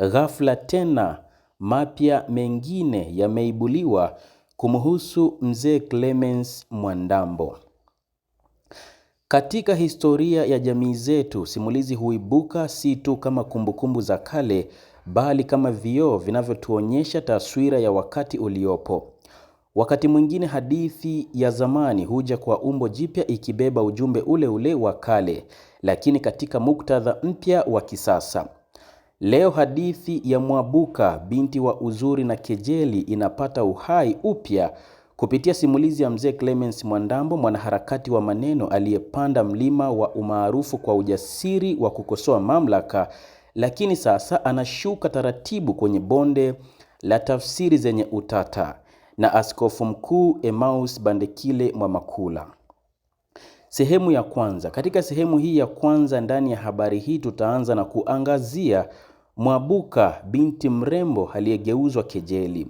Ghafla tena mapya mengine yameibuliwa kumhusu mzee Clemens Mwandambo. Katika historia ya jamii zetu, simulizi huibuka si tu kama kumbukumbu za kale, bali kama vioo vinavyotuonyesha taswira ya wakati uliopo. Wakati mwingine hadithi ya zamani huja kwa umbo jipya ikibeba ujumbe ule ule wa kale, lakini katika muktadha mpya wa kisasa. Leo hadithi ya Mwabuka binti wa uzuri na kejeli inapata uhai upya kupitia simulizi ya mzee Clemens Mwandambo, mwanaharakati wa maneno aliyepanda mlima wa umaarufu kwa ujasiri wa kukosoa mamlaka, lakini sasa anashuka taratibu kwenye bonde la tafsiri zenye utata, na Askofu Mkuu Emmaus Bandekile Mwamakula. Sehemu ya kwanza. Katika sehemu hii ya kwanza ndani ya habari hii tutaanza na kuangazia Mwabuka binti mrembo aliyegeuzwa kejeli.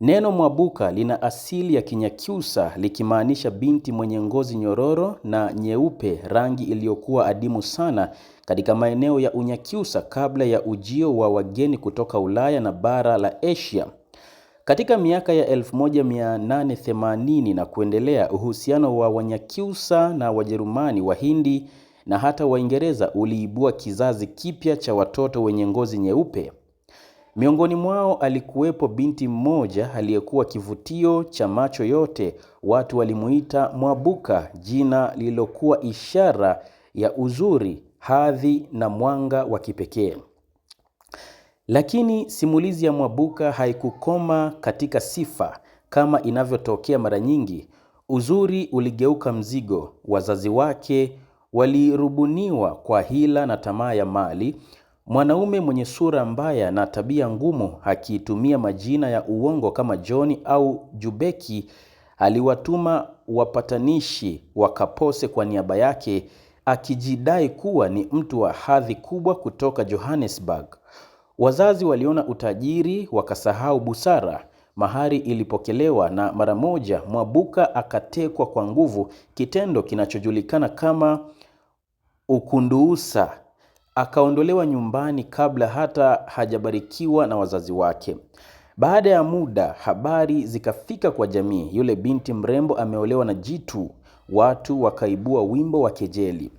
Neno Mwabuka lina asili ya Kinyakyusa likimaanisha binti mwenye ngozi nyororo na nyeupe, rangi iliyokuwa adimu sana katika maeneo ya Unyakyusa kabla ya ujio wa wageni kutoka Ulaya na bara la Asia. Katika miaka ya 1880 na kuendelea, uhusiano wa Wanyakyusa na Wajerumani, Wahindi na hata Waingereza uliibua kizazi kipya cha watoto wenye ngozi nyeupe. Miongoni mwao alikuwepo binti mmoja aliyekuwa kivutio cha macho yote. Watu walimuita Mwabuka, jina lililokuwa ishara ya uzuri, hadhi na mwanga wa kipekee. Lakini simulizi ya Mwabuka haikukoma katika sifa kama inavyotokea mara nyingi. Uzuri uligeuka mzigo. Wazazi wake walirubuniwa kwa hila na tamaa ya mali. Mwanaume mwenye sura mbaya na tabia ngumu, akitumia majina ya uongo kama John au Jubeki, aliwatuma wapatanishi wakapose kwa niaba yake, akijidai kuwa ni mtu wa hadhi kubwa kutoka Johannesburg. Wazazi waliona utajiri wakasahau busara. Mahari ilipokelewa na mara moja Mwabuka akatekwa kwa nguvu, kitendo kinachojulikana kama ukunduusa. Akaondolewa nyumbani kabla hata hajabarikiwa na wazazi wake. Baada ya muda, habari zikafika kwa jamii, yule binti mrembo ameolewa na Jitu. Watu wakaibua wimbo wa kejeli.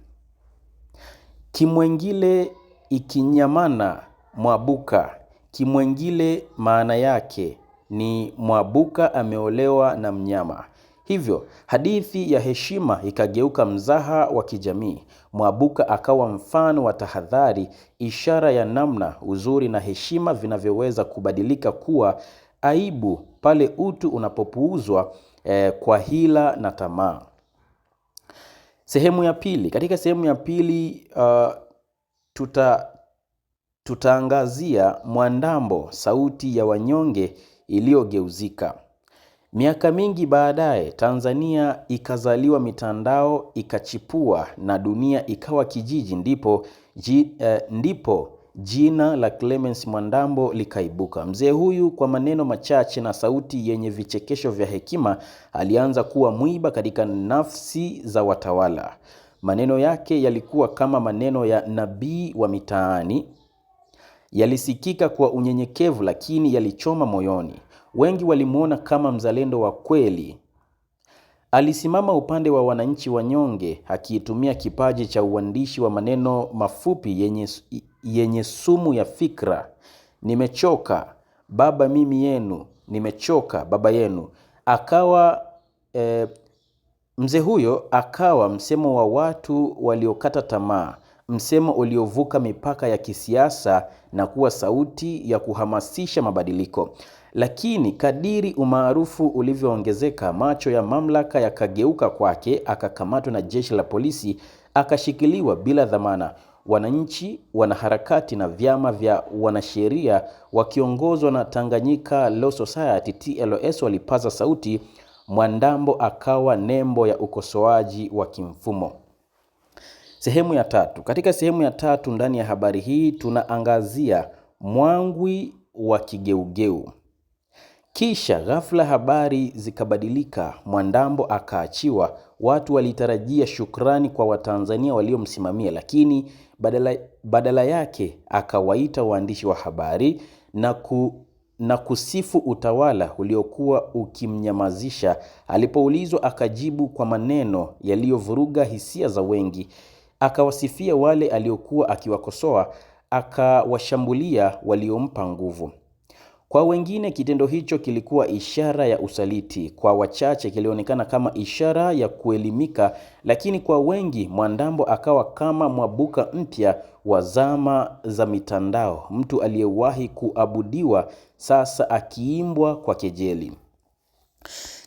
Kimwengile ikinyamana Mwabuka kimwengile maana yake ni mwabuka ameolewa na mnyama. Hivyo hadithi ya heshima ikageuka mzaha wa kijamii. Mwabuka akawa mfano wa tahadhari, ishara ya namna uzuri na heshima vinavyoweza kubadilika kuwa aibu pale utu unapopuuzwa eh, kwa hila na tamaa. Sehemu ya pili. Katika sehemu ya pili uh, tuta tutaangazia Mwandambo, sauti ya wanyonge iliyogeuzika. Miaka mingi baadaye, Tanzania ikazaliwa, mitandao ikachipua na dunia ikawa kijiji, ndipo, ji, eh, ndipo jina la Clemence Mwandambo likaibuka. Mzee huyu kwa maneno machache na sauti yenye vichekesho vya hekima alianza kuwa mwiba katika nafsi za watawala. Maneno yake yalikuwa kama maneno ya nabii wa mitaani Yalisikika kwa unyenyekevu, lakini yalichoma moyoni. Wengi walimwona kama mzalendo wa kweli. Alisimama upande wa wananchi wanyonge, akiitumia kipaji cha uandishi wa maneno mafupi yenye, yenye sumu ya fikra. Nimechoka baba, mimi yenu, nimechoka baba yenu. Akawa eh, mzee huyo akawa msemo wa watu waliokata tamaa, msemo uliovuka mipaka ya kisiasa na kuwa sauti ya kuhamasisha mabadiliko. Lakini kadiri umaarufu ulivyoongezeka, macho ya mamlaka yakageuka kwake, akakamatwa na jeshi la polisi, akashikiliwa bila dhamana. Wananchi, wanaharakati na vyama vya wanasheria wakiongozwa na Tanganyika Law Society TLS walipaza sauti. Mwandambo akawa nembo ya ukosoaji wa kimfumo. Sehemu ya tatu. Katika sehemu ya tatu ndani ya habari hii tunaangazia mwangwi wa kigeugeu. Kisha ghafla habari zikabadilika, Mwandambo akaachiwa. Watu walitarajia shukrani kwa Watanzania waliomsimamia, lakini badala, badala yake akawaita waandishi wa habari na, ku, na kusifu utawala uliokuwa ukimnyamazisha. Alipoulizwa akajibu kwa maneno yaliyovuruga hisia za wengi akawasifia wale aliokuwa akiwakosoa, akawashambulia waliompa nguvu. Kwa wengine kitendo hicho kilikuwa ishara ya usaliti, kwa wachache kilionekana kama ishara ya kuelimika, lakini kwa wengi Mwandambo akawa kama mwabuka mpya wa zama za mitandao, mtu aliyewahi kuabudiwa sasa akiimbwa kwa kejeli.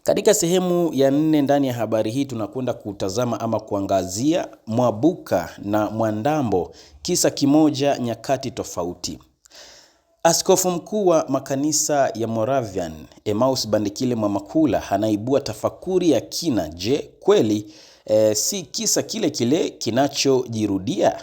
Katika sehemu ya nne ndani ya habari hii tunakwenda kutazama ama kuangazia Mwabuka na Mwandambo, kisa kimoja, nyakati tofauti. Askofu mkuu wa makanisa ya Moravian Emmaus Bandikile Mwamakula anaibua tafakuri ya kina. Je, kweli e, si kisa kile kile kinachojirudia?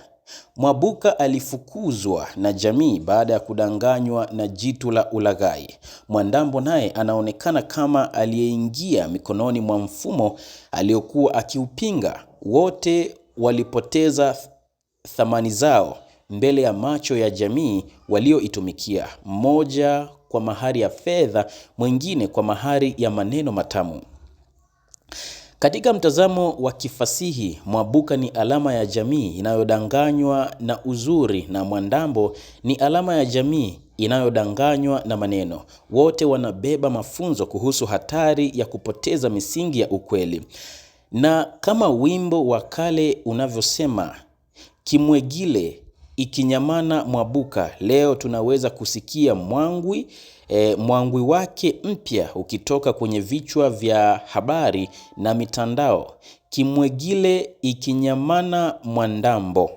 Mwabuka alifukuzwa na jamii baada ya kudanganywa na jitu la ulaghai. Mwandambo naye anaonekana kama aliyeingia mikononi mwa mfumo aliyokuwa akiupinga. Wote walipoteza thamani zao mbele ya macho ya jamii walioitumikia, mmoja kwa mahari ya fedha, mwingine kwa mahari ya maneno matamu. Katika mtazamo wa kifasihi, mwabuka ni alama ya jamii inayodanganywa na uzuri na mwandambo ni alama ya jamii inayodanganywa na maneno. Wote wanabeba mafunzo kuhusu hatari ya kupoteza misingi ya ukweli. Na kama wimbo wa kale unavyosema, kimwegile ikinyamana mwabuka, leo tunaweza kusikia mwangwi e, mwangwi wake mpya ukitoka kwenye vichwa vya habari na mitandao, Kimwegile ikinyamana Mwandambo.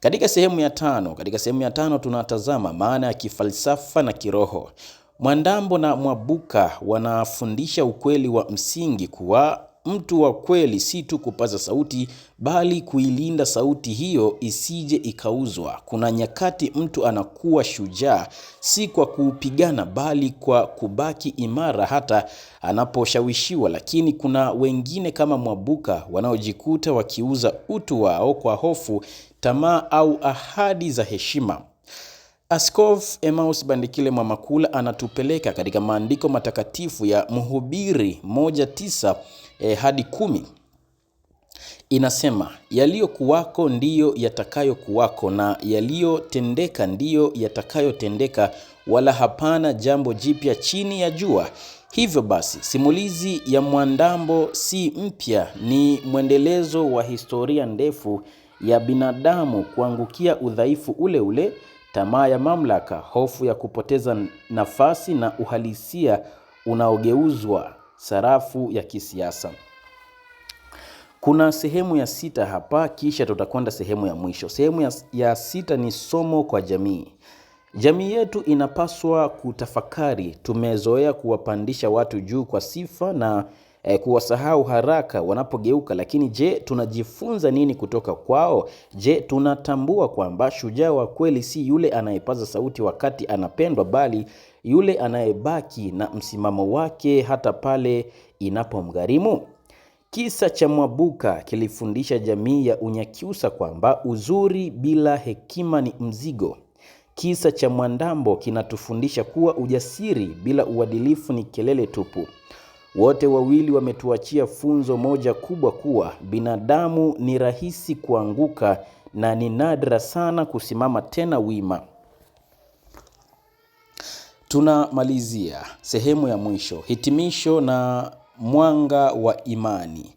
Katika sehemu ya tano, katika sehemu ya tano tunatazama maana ya kifalsafa na kiroho. Mwandambo na Mwabuka wanafundisha ukweli wa msingi kuwa mtu wa kweli si tu kupaza sauti, bali kuilinda sauti hiyo isije ikauzwa. Kuna nyakati mtu anakuwa shujaa si kwa kupigana bali kwa kubaki imara hata anaposhawishiwa. Lakini kuna wengine kama Mwabuka wanaojikuta wakiuza utu wao kwa hofu, tamaa au ahadi za heshima. Askofu Emmaus Bandikile Mwamakula anatupeleka katika maandiko matakatifu ya Mhubiri moja tisa eh, hadi kumi. Inasema, yaliyokuwako ndiyo yatakayokuwako na yaliyotendeka ndiyo yatakayotendeka, wala hapana jambo jipya chini ya jua. Hivyo basi simulizi ya Mwandambo si mpya, ni mwendelezo wa historia ndefu ya binadamu kuangukia udhaifu ule ule tamaa ya mamlaka, hofu ya kupoteza nafasi na uhalisia unaogeuzwa sarafu ya kisiasa. Kuna sehemu ya sita hapa, kisha tutakwenda sehemu ya mwisho. Sehemu ya, ya sita ni somo kwa jamii. Jamii yetu inapaswa kutafakari. Tumezoea kuwapandisha watu juu kwa sifa na e, kuwasahau haraka wanapogeuka. Lakini je, tunajifunza nini kutoka kwao? Je, tunatambua kwamba shujaa wa kweli si yule anayepaza sauti wakati anapendwa, bali yule anayebaki na msimamo wake hata pale inapomgharimu? Kisa cha Mwabuka kilifundisha jamii ya Unyakyusa kwamba uzuri bila hekima ni mzigo. Kisa cha Mwandambo kinatufundisha kuwa ujasiri bila uadilifu ni kelele tupu. Wote wawili wametuachia funzo moja kubwa kuwa binadamu ni rahisi kuanguka na ni nadra sana kusimama tena wima. Tunamalizia sehemu ya mwisho, hitimisho na mwanga wa imani.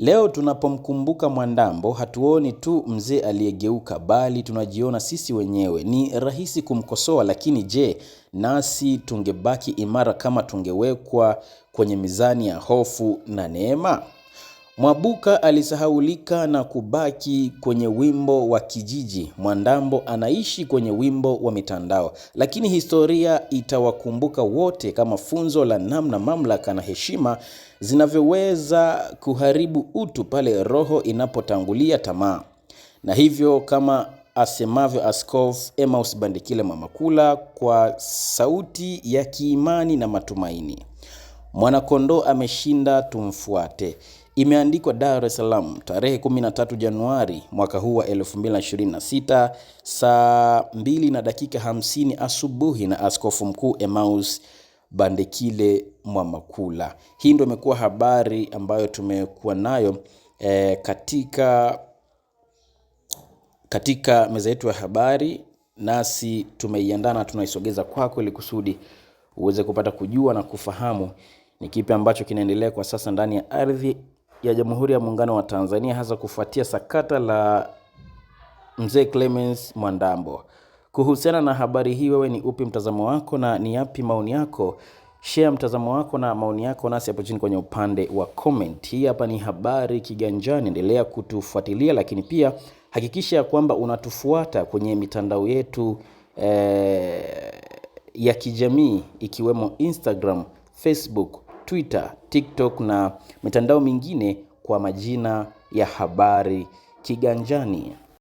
Leo tunapomkumbuka Mwandambo hatuoni tu mzee aliyegeuka, bali tunajiona sisi wenyewe. Ni rahisi kumkosoa, lakini je, nasi tungebaki imara kama tungewekwa kwenye mizani ya hofu na neema? Mwabuka alisahaulika na kubaki kwenye wimbo wa kijiji. Mwandambo anaishi kwenye wimbo wa mitandao, lakini historia itawakumbuka wote kama funzo la namna mamlaka na heshima zinavyoweza kuharibu utu pale roho inapotangulia tamaa. Na hivyo kama asemavyo Askofu Emmaus Bandikile Mamakula kwa sauti ya kiimani na matumaini, mwanakondoo ameshinda, tumfuate imeandikwa Dar es Salaam tarehe 13 Januari mwaka huu wa 2026 saa 2 na dakika 50 asubuhi na Askofu Mkuu Emmaus Bandekile Mwamakula. Hii ndio imekuwa habari ambayo tumekuwa nayo e, katika, katika meza yetu ya habari, nasi tumeiandaa na tunaisogeza kwako ili kusudi uweze kupata kujua na kufahamu ni kipi ambacho kinaendelea kwa sasa ndani ya ardhi ya Jamhuri ya Muungano wa Tanzania, hasa kufuatia sakata la mzee Clemens Mwandambo. Kuhusiana na habari hii, wewe ni upi mtazamo wako na ni yapi maoni yako? Share mtazamo wako na maoni yako nasi hapo chini kwenye upande wa comment. Hii hapa ni Habari Kiganjani, endelea kutufuatilia, lakini pia hakikisha ya kwamba unatufuata kwenye mitandao yetu eh, ya kijamii ikiwemo Instagram, Facebook Twitter, TikTok na mitandao mingine kwa majina ya habari kiganjani.